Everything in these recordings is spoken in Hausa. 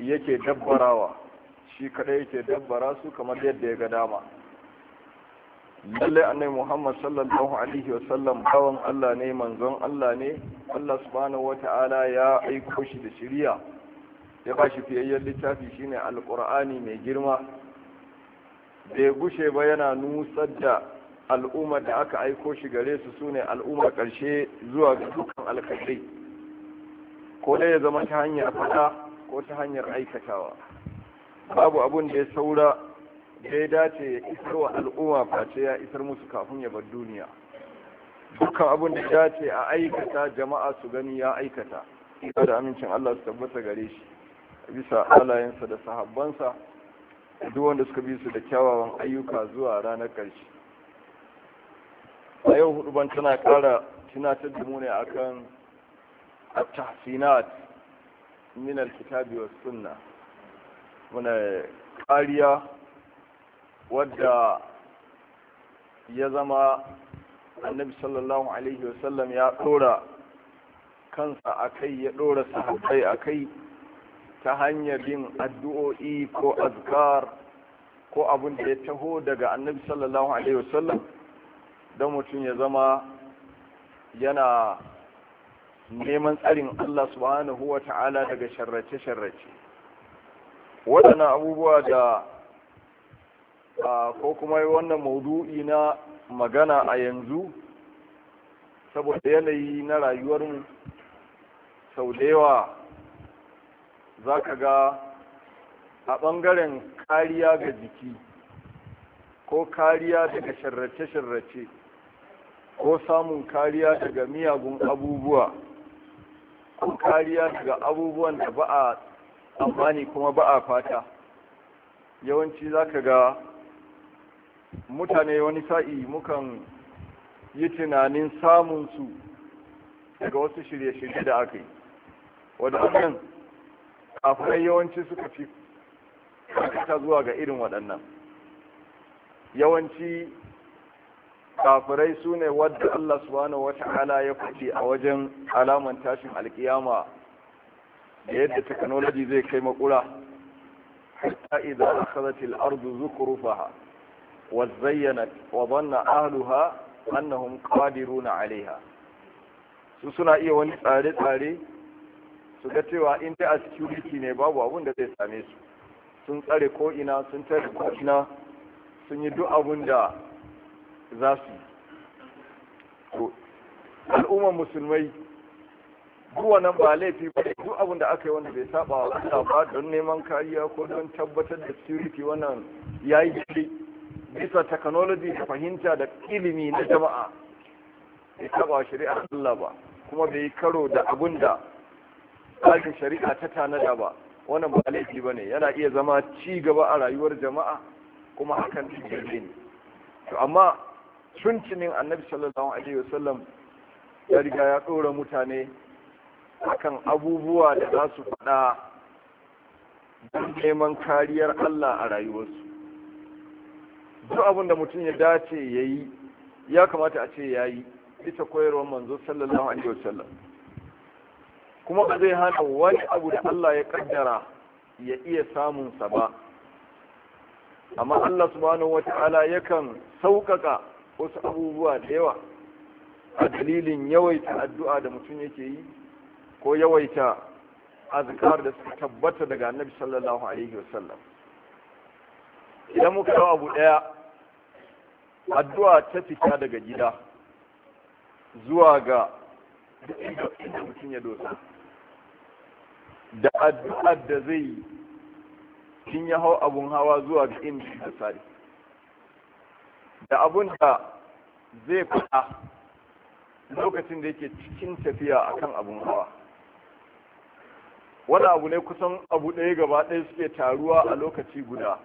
yake dabbarawa shi kadai yake dabbara su kamar yadda ya ga dama lallai annai muhammad sallallahu alaihi wa sallam bawan allah ne manzon allah ne allah subhanahu Ta'ala ya aiko shi da shiriya ya ba shi fiyayyen littafi shine alkur'ani mai girma bai gushe ba yana nusar da al'ummar da aka aiko shi gare su sune al'ummar karshe zuwa ga dukkan alkaɗai ko dai ya zama ta hanyar fada ko ta hanyar aikatawa babu abun da ya saura da ya dace ya isar wa al'umma face ya isar musu kafin ya bar duniya dukkan abun da ya dace a aikata jama'a su gani ya aikata ita da amincin Allah su tabbata gare shi bisa halayensa da sahabbansa duk wanda suka bi su da kyawawan ayyuka zuwa ranar ƙarshe a yau hudu ban tana ƙara tunatar da mu ne akan at-tahsinat min kitabi was sunna muna kariya wadda ya zama annabi sallallahu alaihi wasallam ya dora kansa akai ya dora sahabbai akai ta hanyar yin addu'o'i ko azkar ko abin da ya taho daga annabi sallallahu alaihi wasallam don mutum ya zama yana neman tsarin Allah subhanahu wa ta'ala daga sharrace-sharrace waɗannan abubuwa da ko kuma yi wannan maudu'i na magana a yanzu saboda yanayi na rayuwarmu sau da yawa za ka ga a ɓangaren kariya ga jiki ko kariya daga sharrace-sharrace ko samun kariya daga miyagun abubuwa ko kariya daga abubuwan da ba a tsammani kuma ba a fata yawanci za ka ga mutane wani sa'i mukan yi tunanin samunsu daga wasu shirye-shirye da aka yi waɗannan afirai yawanci suka fi kakata zuwa ga irin waɗannan yawanci kafirai su ne wadda Allah subhanahu wata ta'ala ya faɗi a wajen alaman tashin alkiyama da yadda technology zai kai makura hatta idan akhadhat al-ard zukrufaha wa zayyanat wa dhanna ahluha annahum qadiruna 'alayha su suna iya wani tsare-tsare su ga cewa in dai a security ne babu abun da zai same su sun tsare ko'ina, sun tare ko ina sun yi duk abun da za su al'ummar musulmai kuwa nan ba laifi ba duk abin da aka yi wanda bai saba wa Allah ba don neman kariya ko don tabbatar da security wannan yayi shi bisa technology da fahimta da ilimi na jama'a bai saba shari'a Allah ba kuma bai karo da abun da tsarin shari'a ta tanada ba wannan ba laifi ba yana iya zama ci gaba a rayuwar jama'a kuma hakan ne to amma tuntunin annabi sallallahu alaihi wasallam ya riga ya ɗora mutane akan abubuwa da za su faɗa don neman kariyar Allah a rayuwarsu duk abin da mutum ya dace ya yi ya kamata a ce ya yi bisa koyarwar manzo sallallahu alaihi wasallam kuma ba zai hana wani abu da Allah ya kaddara ya iya samunsa ba amma Allah subhanahu wata'ala yakan sauƙaƙa wasu abubuwa da yawa a dalilin yawaita addu'a da mutum yake yi ko yawaita azkar da suka tabbata daga annabi sallallahu alaihi wasallam idan muka yi abu daya addu'a ta fita daga gida zuwa ga inda mutum ya dosa da addu'ar da zai yi kin ya hau abun hawa zuwa ga inda sare da abun da zai faɗa lokacin da yake cikin tafiya akan abin hawa wani abu ne kusan abu ɗaya gaba ɗaya suke taruwa a lokaci guda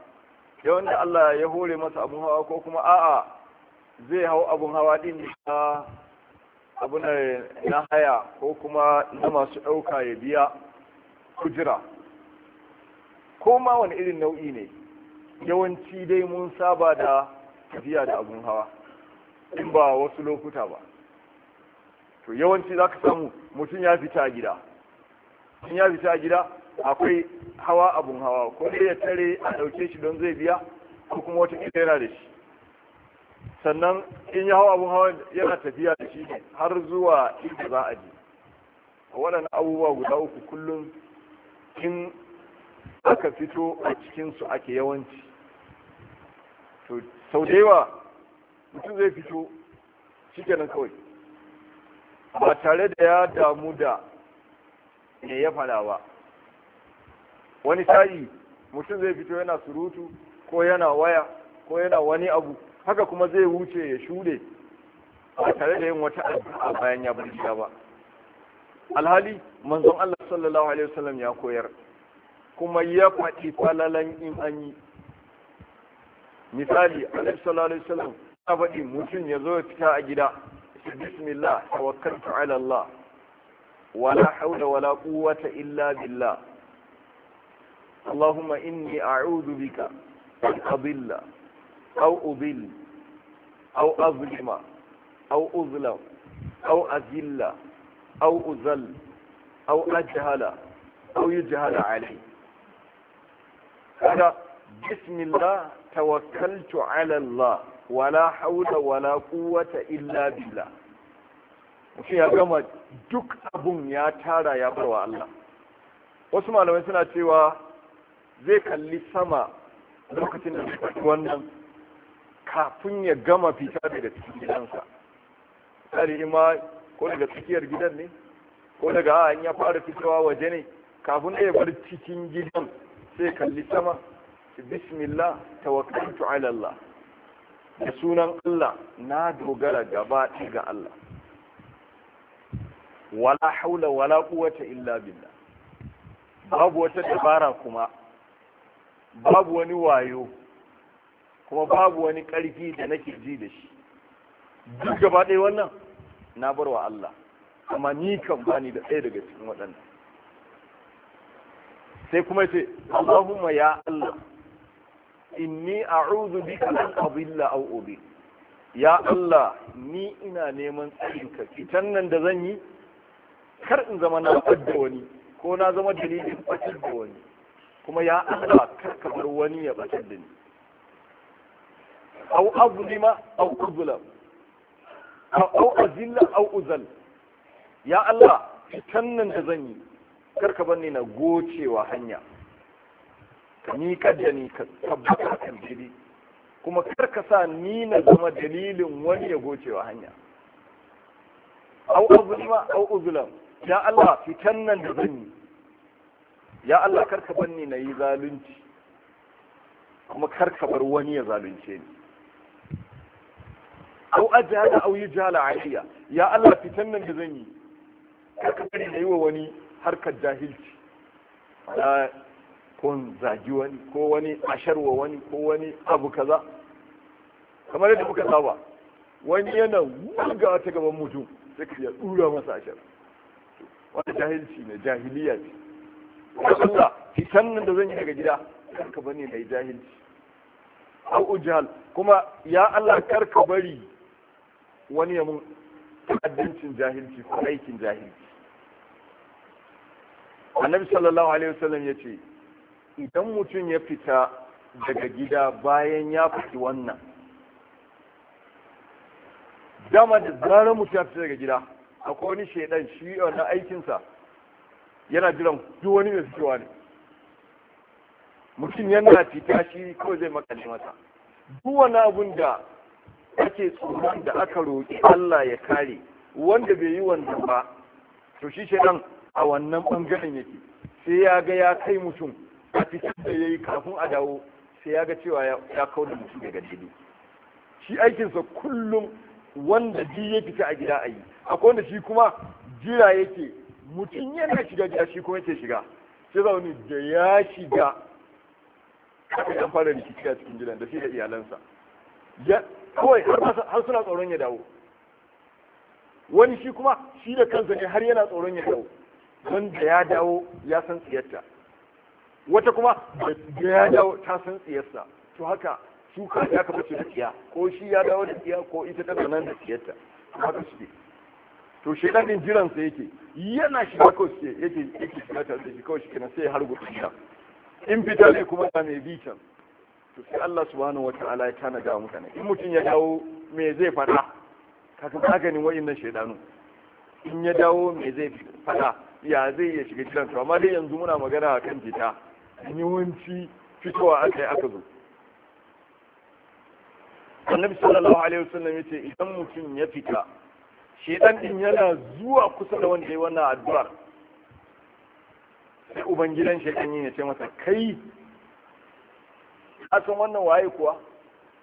yawan da Allah ya hore masa abin hawa ko kuma a'a zai hau abin hawa ɗin na abu na haya ko kuma na masu ɗauka ya biya kujira ko ma wani irin nau'i ne yawanci dai mun saba da tafiya da abin hawa in ba wasu lokuta ba to yawanci za ka samu mutum ya fita gida in ya fita gida akwai hawa abun hawa ko dai ya tare a ɗauke shi don zai biya ko kuma wata yana da shi sannan in ya hawa abun hawa yana tafiya da shi har zuwa inda za a je waɗannan abubuwa guda uku kullum in aka fito a cikinsu ake yawanci to sau da yawa mutum zai fito shikenan kawai ba tare da ya damu da me ya fada ba wani tayi mutum zai fito yana surutu ko yana waya ko yana wani abu haka kuma zai wuce ya shude ba tare da yin wata addu'a bayan ya bar gida ba alhali manzon Allah sallallahu alaihi wasallam ya koyar kuma ya faɗi falalan in an yi misali alaihi sallallahu alaihi wasallam abadi mutum ya zo ya fita a gida bismillah tawakkaltu ala Allah wala haula wala quwwata illa billah Allahumma inni a'udhu bika an adilla aw ubil aw azlima aw uzlam aw azilla aw uzal aw ajhala aw yujhala alayhi kada bismillah tawakkaltu ala Allah wala haula wala quwwata illa billah mutum ya gama duk abun ya tara ya barwa Allah wasu malamai suna cewa zai kalli sama lokacin da suka wannan kafin ya gama fita daga cikin gidansa tsari ima ko daga tsakiyar gidan ne ko daga a ya fara fitowa waje ne kafin da ya bar cikin gidan sai kalli sama bismillah tawakkaltu ala Allah da sunan Allah na dogara gaba ga Allah wala haula wala kuwata illa billah babu wata dabara kuma babu wani wayo kuma babu wani ƙarfi da nake ji da shi duk gaba ɗaya wannan na bar wa Allah amma ni kan bani da ɗaya daga cikin waɗannan sai kuma ce Allahumma ya Allah inni a'udhu bika an adilla aw ubi ya Allah ni ina neman tsarinka fitan nan da zan yi kar in zama na fadda wani ko na zama dalilin fatar da wani kuma ya Allah kar ka bar wani ya batar da ni aw azlima aw uzlam aw azilla aw uzal ya Allah fitan nan da zan yi kar ka bar ni na gocewa hanya ka miƙar da ni ka tabbata kan daidai kuma kar ka sa ni na zama dalilin wani ya gocewa hanya au azlima au uzlam ya Allah fitan nan da zan yi ya Allah kar ka banni na yi zalunci kuma kar ka bar wani ya zalunce ni au ajala au yujala aliya ya Allah fitan nan da zan yi kar ka bari na yi wa wani harkar jahilci ko zagi wani ko wani asharwa wani ko wani abu kaza kamar yadda muka saba wani yana wulga ta gaban mutum sai ka iya dura masa ashar wani jahilci ne jahiliya ce kusa fitan nan da zan yi daga gida karka bane mai jahilci au ujal kuma ya Allah kar ka bari wani ya mun addincin jahilci ko aikin jahilci annabi sallallahu alaihi wasallam ya ce idan mutum ya fita daga gida bayan ya fiti wannan dama da zarar mutum ya fita daga gida akwai wani shaidan shi wannan aikinsa yana jiran duk wani mai fitowa ne mutum yana fita shi kawai zai makale masa duk wani abun da ake tsoron da aka roƙi Allah ya kare wanda bai yi wanda ba to shi shaidan a wannan bangaren yake sai ya ga ya kai mutum fitar da ya yi kafin a dawo sai ya ga cewa ya kawo da mutum daga daidai shi aikinsa kullum wanda ji ya fita a gida a yi akwai wanda shi kuma jira yake mutum yana shiga gida shi kuma yake shiga sai zaune da ya shiga kafin ya fara rikici a cikin gidan da shi da iyalansa kawai har suna tsoron ya dawo wani shi kuma shi da kansa ne har yana tsoron ya dawo wanda ya dawo ya san tsiyarta wata kuma ya dawo ta san tsiyarsa to haka su ka ya kafa su da tsiya ko shi ya dawo da tsiya ko ita ta nan da tsiyarta haka ke. to shi ɗan jiran sa yake yana shi haka suke yake yake shiga ta shi kawai shi kenan sai har gudu shi in fita ne kuma ga mai bitan to sai Allah subhanahu wata'ala ya tana ga mutane in mutum ya dawo me zai faɗa kaga maganin wa'annan shaidanu in ya dawo me zai faɗa ya zai iya shiga jiran to amma dai yanzu muna magana kan jita. yawanci fitowa aka yi aka zo annabi sallallahu alaihi wasallam yace idan mutum ya fita shedan din yana zuwa kusa da wanda ya wannan addu'ar sai ubangidan shedan yin ya ce masa kai san wannan waye kuwa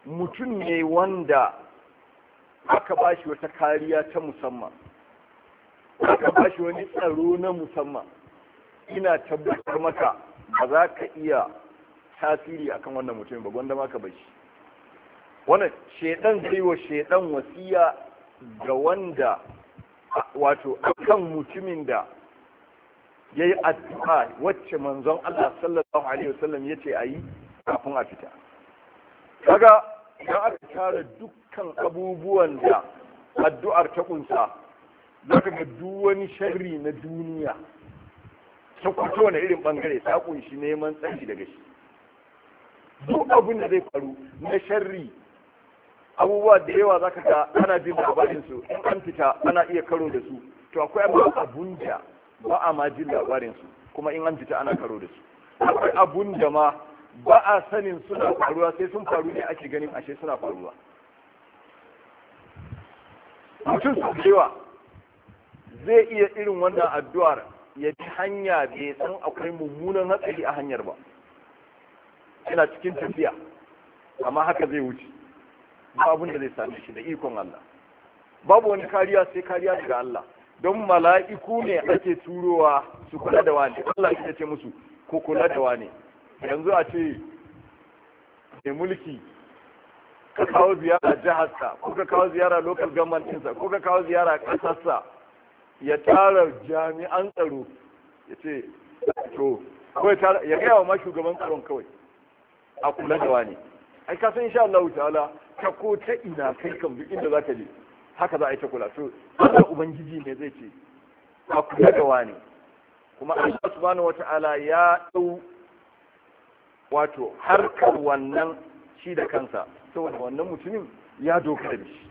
mutum ne wanda aka shi wata kariya ta musamman aka shi wani tsaro na musamman ina tabbatar maka ba za ka iya tasiri a kan wannan mutumin ba gwanda maka bai shi wannan shedan zai wa shaiɗan wasiya ga wanda wato a kan mutumin da ya yi addu'a wacce manzon Allah sallallahu alaihi wasallam ya ce a yi kafin a fita kaga idan aka tara dukkan abubuwan da addu'ar ta kunsa zaka ga duk wani sharri na duniya ta kwato wani irin bangare ta kunshi neman tsari daga shi duk abin da zai faru na sharri abubuwa da yawa za ka ta ana jin labarin in an fita ana iya karo da su to akwai abun da ba a ma jin labarin kuma in an fita ana karo da su akwai abun da ma ba a sanin suna faruwa sai sun faru ne ake ganin ashe suna faruwa mutum su yawa zai iya irin wannan addu'ar ya bi hanya bai san akwai mummunan hatsari a hanyar ba yana cikin tafiya amma haka zai wuce babu da zai same shi da ikon Allah babu wani kariya sai kariya daga Allah don mala'iku ne ake turowa su kula da wani Allah ya ce musu ko kula da wani yanzu a ce mai mulki ka kawo ziyara jiharsa ko ka kawo ziyara local government ko ka kawo ziyara kasarsa ya tara jami'an tsaro ya ce to kawai tara ya gaya wa ma shugaban tsaron kawai a kula da wani ai ka san insha Allah ta'ala ta ko ta ina kai kan duk inda zaka je haka za a yi ta kula to Allah ubangiji ne zai ce a kula da wani kuma Allah subhanahu wata'ala ya dau wato harkar wannan shi da kansa saboda wannan mutumin ya dokar da shi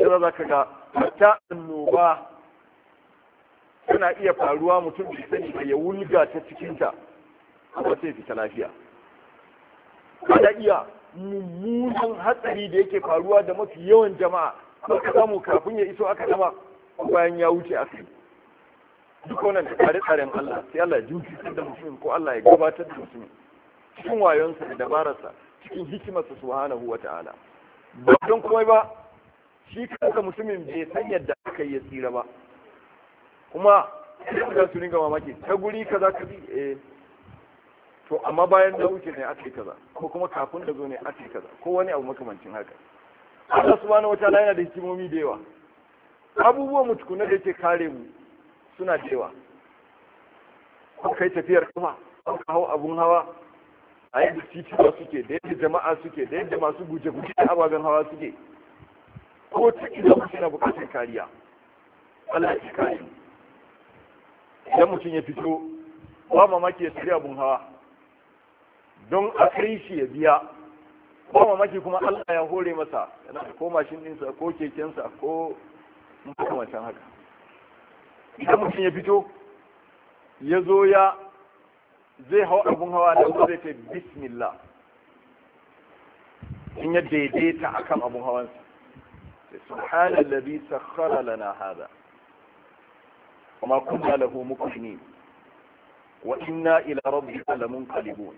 sai za ka ga ta annoba tana iya faruwa mutum da sani ba ya wulga ta cikinta kuma sai fita lafiya kada iya mummunan hatsari da yake faruwa da mafi yawan jama'a aka samu kafin ya iso aka dama bayan ya wuce a yi duk wannan tare tsarin Allah sai Allah ya jinkirtar da mutum ko Allah ya gabatar da mutum cikin wayonsa da dabararsa cikin hikimarsa subhanahu wata'ala ba don komai ba shi kanka mutumin bai san yadda aka yi tsira ba kuma da su ringa mamaki ta guri kaza ka bi eh to amma bayan da wuce ne aka yi kaza ko kuma kafin da zo ne aka yi kaza ko wani abu makamancin haka Allah subhanahu wataala yana da hikimomi da yawa abubuwan mutukuna da yake kare mu suna da yawa ko kai tafiyar kuma ko hau abun hawa a yadda titiwa suke da yadda jama'a suke da yadda masu guje-guje da ababen hawa suke ko ta ina mutum na bukatar kariya Allah ya kare mu idan mutum ya fito ba mamaki ya tafi abun hawa don a kai shi ya biya ba mamaki kuma Allah ya hore masa yana ko mashin ko kekensa ko makamancin haka idan mutum ya fito ya zo ya zai hau abun hawa da wanda zai ce bismillah in ya daidaita akan abun hawansa الذي سخر لنا hada وما كنا له مكرمين وإنا إلى ربنا لمنقلبون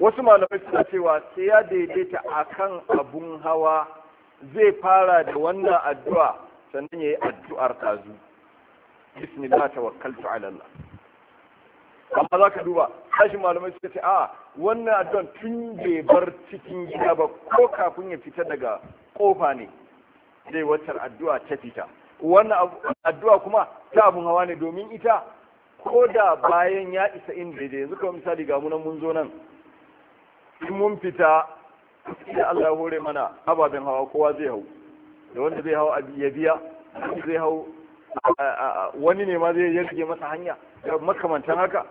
wasu malamai suna cewa sai ya daidaita a kan abun hawa zai fara da wannan addu'a sannan ya yi addu'ar tazu bismillah tawakkaltu ala Allah amma za ka duba tashin malamai suka ce a wannan addu'an tun bai bar cikin gida ba ko kafin ya fita daga kofa ne zai wacce addu'a ta fita wannan addu'a kuma ta abun hawa ne domin ita ko da bayan ya isa inda daidai yanzu kawai misali ga munan mun zo nan in mun fita da Allah hore mana ababen hawa kowa zai hau da wanda zai hau ya biya zai hau wani ne ma zai yarge masa hanya da makamantan haka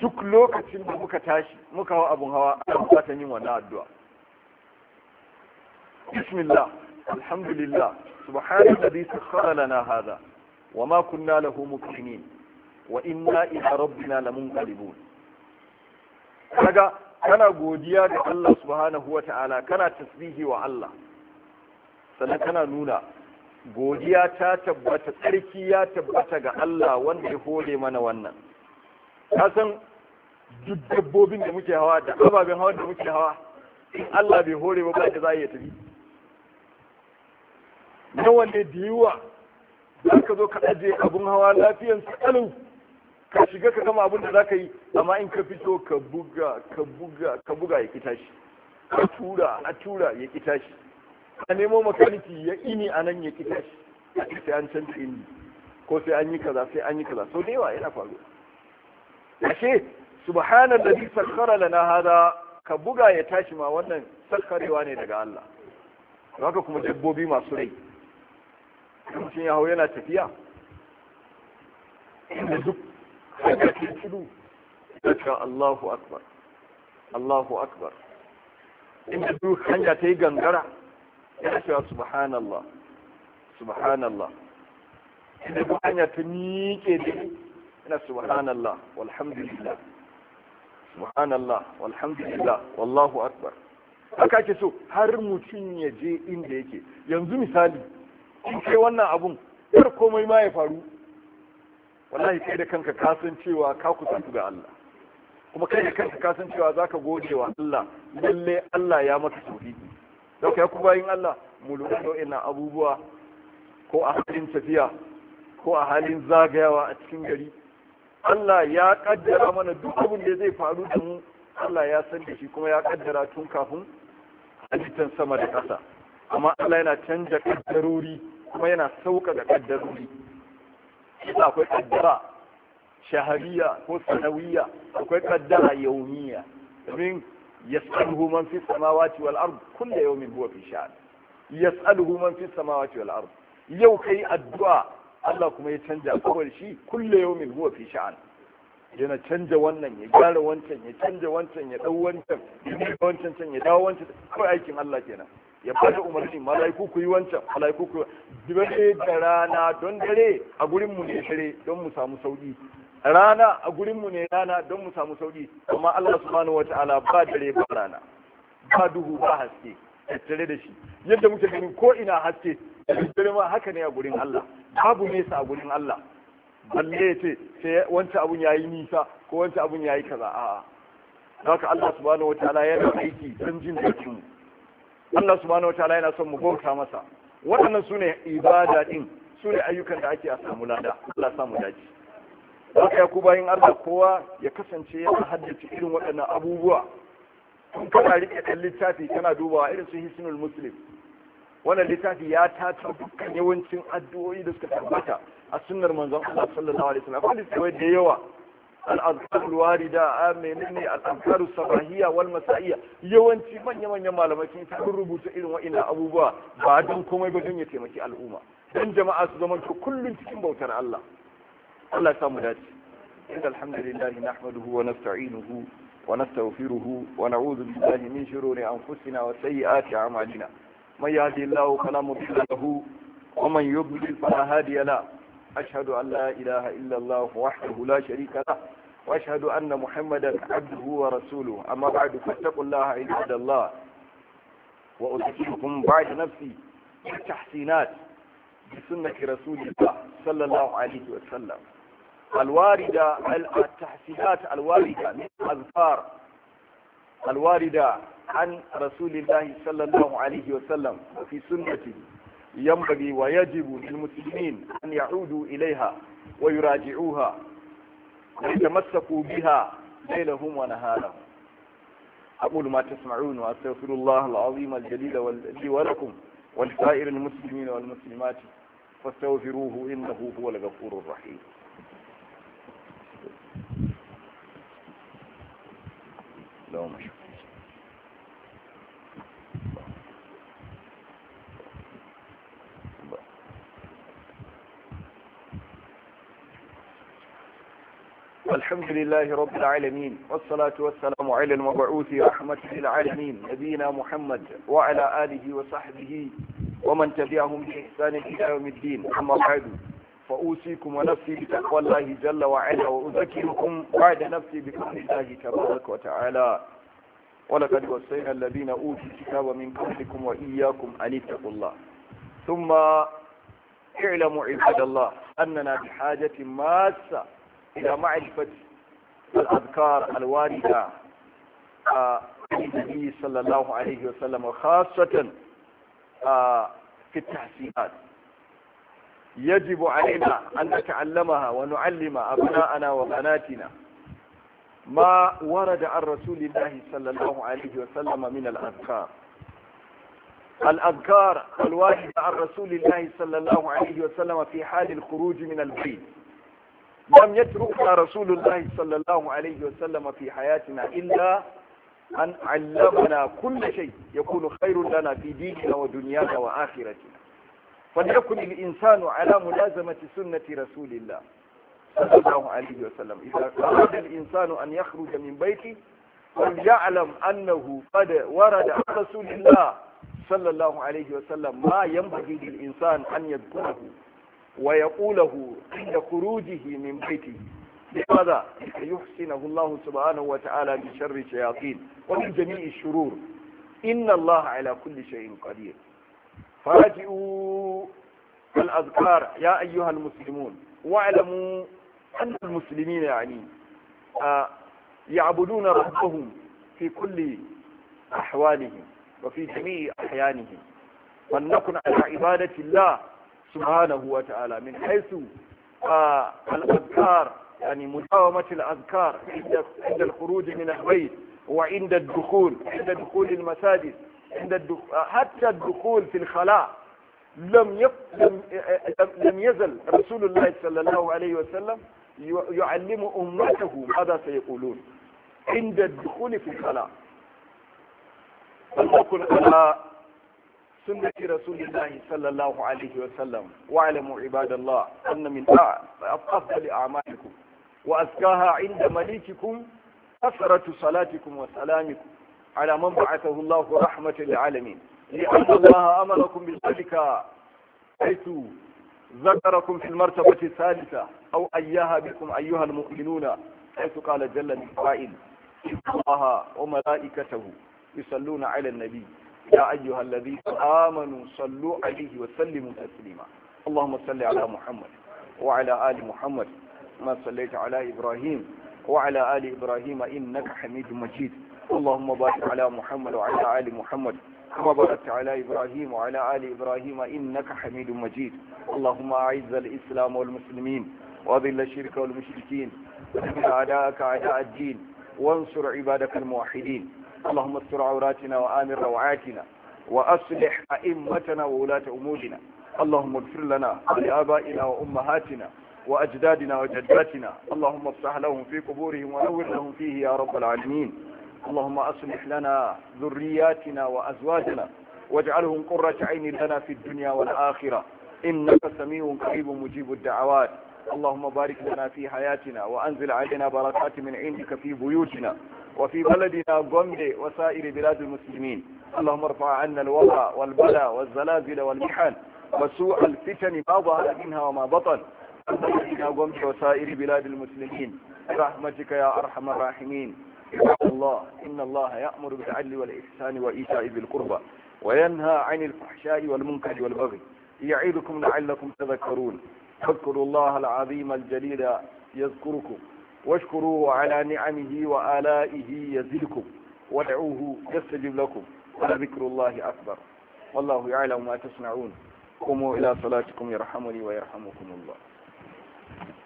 duk lokacin da muka tashi muka hau abun hawa ana bukatar yin wannan addu'a bismillah alhamdulillah سبحان الذي سخر لنا هذا وما كنا له مكرمين وإنا إلى ربنا لمنقلبون kaga kana godiya da Allah subhanahu wa ta'ala kana tasbihi wa Allah sannan kana nuna godiya ta tabbata tsarki ya tabbata ga Allah wanda ya hore mana wannan ka san duk dabbobin da muke hawa da ababen hawa da muke hawa in Allah bai hore ba ba da za a iya tafi nawa ne da yawa za ka zo ka aje abun hawa lafiyan tsalu ka shiga ka gama abin da za ka yi amma in ka fito ka buga ka buga ka buga ya kita shi ka tura a tura ya kita shi a nemo makaniki ya ini a nan ya kita shi a sai an canza ini ko sai an yi kaza sai an yi kaza sau da yawa yana faruwa ashe subhanan da sakkara lana hada ka buga ya tashi ma wannan sakkarewa ne daga Allah haka kuma dabbobi masu rai mutum ya hau yana tafiya inda duk hanyar ke tudu daga Allahu Akbar Allahu Akbar inda duk hanya ta yi gangara yana cewa subhanallah subhanallah inda duk hanya ta miƙe da yana subhanallah walhamdulillah subhanallah walhamdulillah wallahu akbar haka ake so har mutum ya je inda yake yanzu misali in kai wannan abun kar komai ma ya faru wallahi kai da kanka ka san cewa ka kusantu ga Allah kuma kai da kanka ka san cewa zaka gode wa Allah lalle Allah ya maka tauhidi da kai ku bayin Allah mu lura da wannan abubuwa ko a halin tafiya ko a halin zagayawa a cikin gari Allah ya kaddara mana duk abin da zai faru da mu Allah ya san da shi kuma ya kaddara tun kafin halittar sama da ƙasa amma Allah yana canja kaddarori kuma yana sauka sauƙaƙa ƙaddarori yasa akwai ƙaddara shahariya ko sanawiya akwai ƙaddara yaumiya domin yas'aluhu man fi samawati wal ard kullu yawmin huwa fi sha'n yas'aluhu man fi samawati wal ard yau kai addu'a Allah kuma ya canja kawai shi kullu yawmin huwa fi sha'n yana canja wannan ya gyara wancan ya canja wancan ya dau wancan ya wancan ya dawo wancan kawai aikin Allah kenan ya bada umarni malaiku ku yi wancan malaiku ku dare da rana don dare a gurinmu ne dare don mu samu sauki rana a gurinmu ne rana don mu samu sauki amma Allah subhanahu wataala ba dare ba rana ba duhu ba haske tattare da shi yadda muke gani ko ina haske tattare ma haka ne a gurin Allah babu nesa a gurin Allah balle ce sai wancan abun yayi nisa ko wancan abun yayi kaza a'a haka Allah subhanahu wataala yana aiki don jin daɗin mu Allah subhanahu wataala yana son mu bauta masa waɗannan su ne ibada ɗin su ne ayyukan da ake a samu lada Allah samu daji haka ya ku bayan Allah kowa ya kasance ya haddace irin waɗannan abubuwa kun kana riƙe ɗan littafi kana dubawa irin su hisnul muslim wannan littafi ya tata dukkan yawancin addu'o'i da suka tabbata a sunnar manzon Allah sallallahu alaihi wasallam akwai da yawa al'adkar warida a menene a sabahiya wal masaiya yawanci manya manyan malamai sun rubuta irin wa'ina abubuwa ba don komai ba don ya taimaki al'umma don jama'a su zama kullum cikin bautar Allah Allah ya samu dace إن الحمد لله نحمده ونستعينه ونستغفره ونعوذ بالله من شرور أنفسنا وسيئات أعمالنا من يهدي الله فلا مضل له ومن يضلل فلا هادي له أشهد أن لا إله إلا الله وحده لا شريك له وأشهد أن محمدا عبده ورسوله أما بعد فاتقوا الله عباد الله وأوصيكم بعد نفسي بالتحسينات بسنة رسول الله صلى الله عليه وسلم الواردة التحسينات الواردة من الأذكار الواردة عن رسول الله صلى الله عليه وسلم وفي سنته ينبغي ويجب للمسلمين أن يعودوا إليها ويراجعوها ويتمسكوا بها ليلهم ونهارهم أقول ما تسمعون وأستغفر الله العظيم الجليل لي ولكم ولسائر المسلمين والمسلمات فاستغفروه إنه هو الغفور الرحيم لا شكرا الحمد لله رب العالمين والصلاة والسلام على المبعوث رحمة للعالمين نبينا محمد وعلى آله وصحبه ومن تبعهم بإحسان إلى يوم الدين أما بعد فأوصيكم ونفسي بتقوى الله جل وعلا وأذكركم بعد نفسي بفضل الله تبارك وتعالى ولقد وصينا الذين أوتوا الكتاب من قبلكم وإياكم أن اتقوا الله ثم اعلموا عباد الله أننا بحاجة ماسة إلى معرفة الأذكار الواردة عن آه، النبي صلى الله عليه وسلم وخاصة آه، في التحسينات يجب علينا أن نتعلمها ونعلم أبناءنا وبناتنا ما ورد عن رسول الله صلى الله عليه وسلم من الأذكار الأذكار الواردة عن رسول الله صلى الله عليه وسلم في حال الخروج من البيت لم يتركنا رسول الله صلى الله عليه وسلم في حياتنا إلا أن علمنا كل شيء يكون خير لنا في ديننا ودنيانا وآخرتنا فليكن الإنسان على ملازمة سنة رسول الله صلى الله عليه وسلم إذا أراد الإنسان أن يخرج من بيته فليعلم أنه قد ورد عن رسول الله صلى الله عليه وسلم ما ينبغي للإنسان أن يذكره ويقوله عند خروجه من بيته لماذا يحسنه الله سبحانه وتعالى من شر الشياطين ومن جميع الشرور إن الله على كل شيء قدير فاجئوا الأذكار يا أيها المسلمون واعلموا أن المسلمين يعني آه، يعبدون ربهم في كل أحوالهم وفي جميع أحيانهم فلنكن على عبادة الله سبحانه وتعالى من حيث آه الأذكار يعني مداومة الأذكار عند عند الخروج من البيت وعند الدخول عند دخول المساجد عند الدخول حتى الدخول في الخلاء لم لم... لم يزل رسول الله صلى الله عليه وسلم يعلم أمته ماذا سيقولون عند الدخول في الخلاء فلتكن على سنة رسول الله صلى الله عليه وسلم واعلموا عباد الله أن من أفضل أعمالكم وأزكاها عند مليككم كثرة صلاتكم وسلامكم على من بعثه الله رحمة للعالمين لأن الله أمركم بذلك حيث ذكركم في المرتبة الثالثة أو أيها بكم أيها المؤمنون حيث قال جل من قائل إن الله وملائكته يصلون على النبي يا أيها الذين آمنوا صلوا عليه وسلموا تسليما اللهم صل على محمد وعلى آل محمد ما صليت على إبراهيم وعلى آل إبراهيم إنك حميد مجيد اللهم بارك على محمد وعلى آل محمد كما باركت على إبراهيم وعلى آل إبراهيم إنك حميد مجيد اللهم أعز الإسلام والمسلمين وأذل الشرك والمشركين ودمر أعداءك أعداء الدين وانصر عبادك الموحدين اللهم استر عوراتنا وآمن روعاتنا وأصلح أئمتنا وولاة أمورنا اللهم اغفر لنا ولآبائنا وأمهاتنا وأجدادنا وجداتنا اللهم افتح لهم في قبورهم ونور لهم فيه يا رب العالمين اللهم أصلح لنا ذرياتنا وأزواجنا واجعلهم قرة عين لنا في الدنيا والآخرة إنك سميع قريب مجيب الدعوات اللهم بارك لنا في حياتنا وأنزل علينا بركات من عندك في بيوتنا وفي بلدنا غومبي وسائر بلاد المسلمين اللهم ارفع عنا الوضع والبلاء والزلازل والمحن وسوء الفتن ما ظهر منها وما بطن بلدنا غومبي وسائر بلاد المسلمين برحمتك يا أرحم الراحمين الله إن الله يأمر بالعدل والإحسان وإيتاء ذي القربى وينهى عن الفحشاء والمنكر والبغي يعيدكم لعلكم تذكرون فاذكروا الله العظيم الجليل يذكركم واشكروه على نعمه وآلائه يزدكم وادعوه يستجب لكم ولذكر الله أكبر والله يعلم ما تصنعون قوموا إلى صلاتكم يرحمني ويرحمكم الله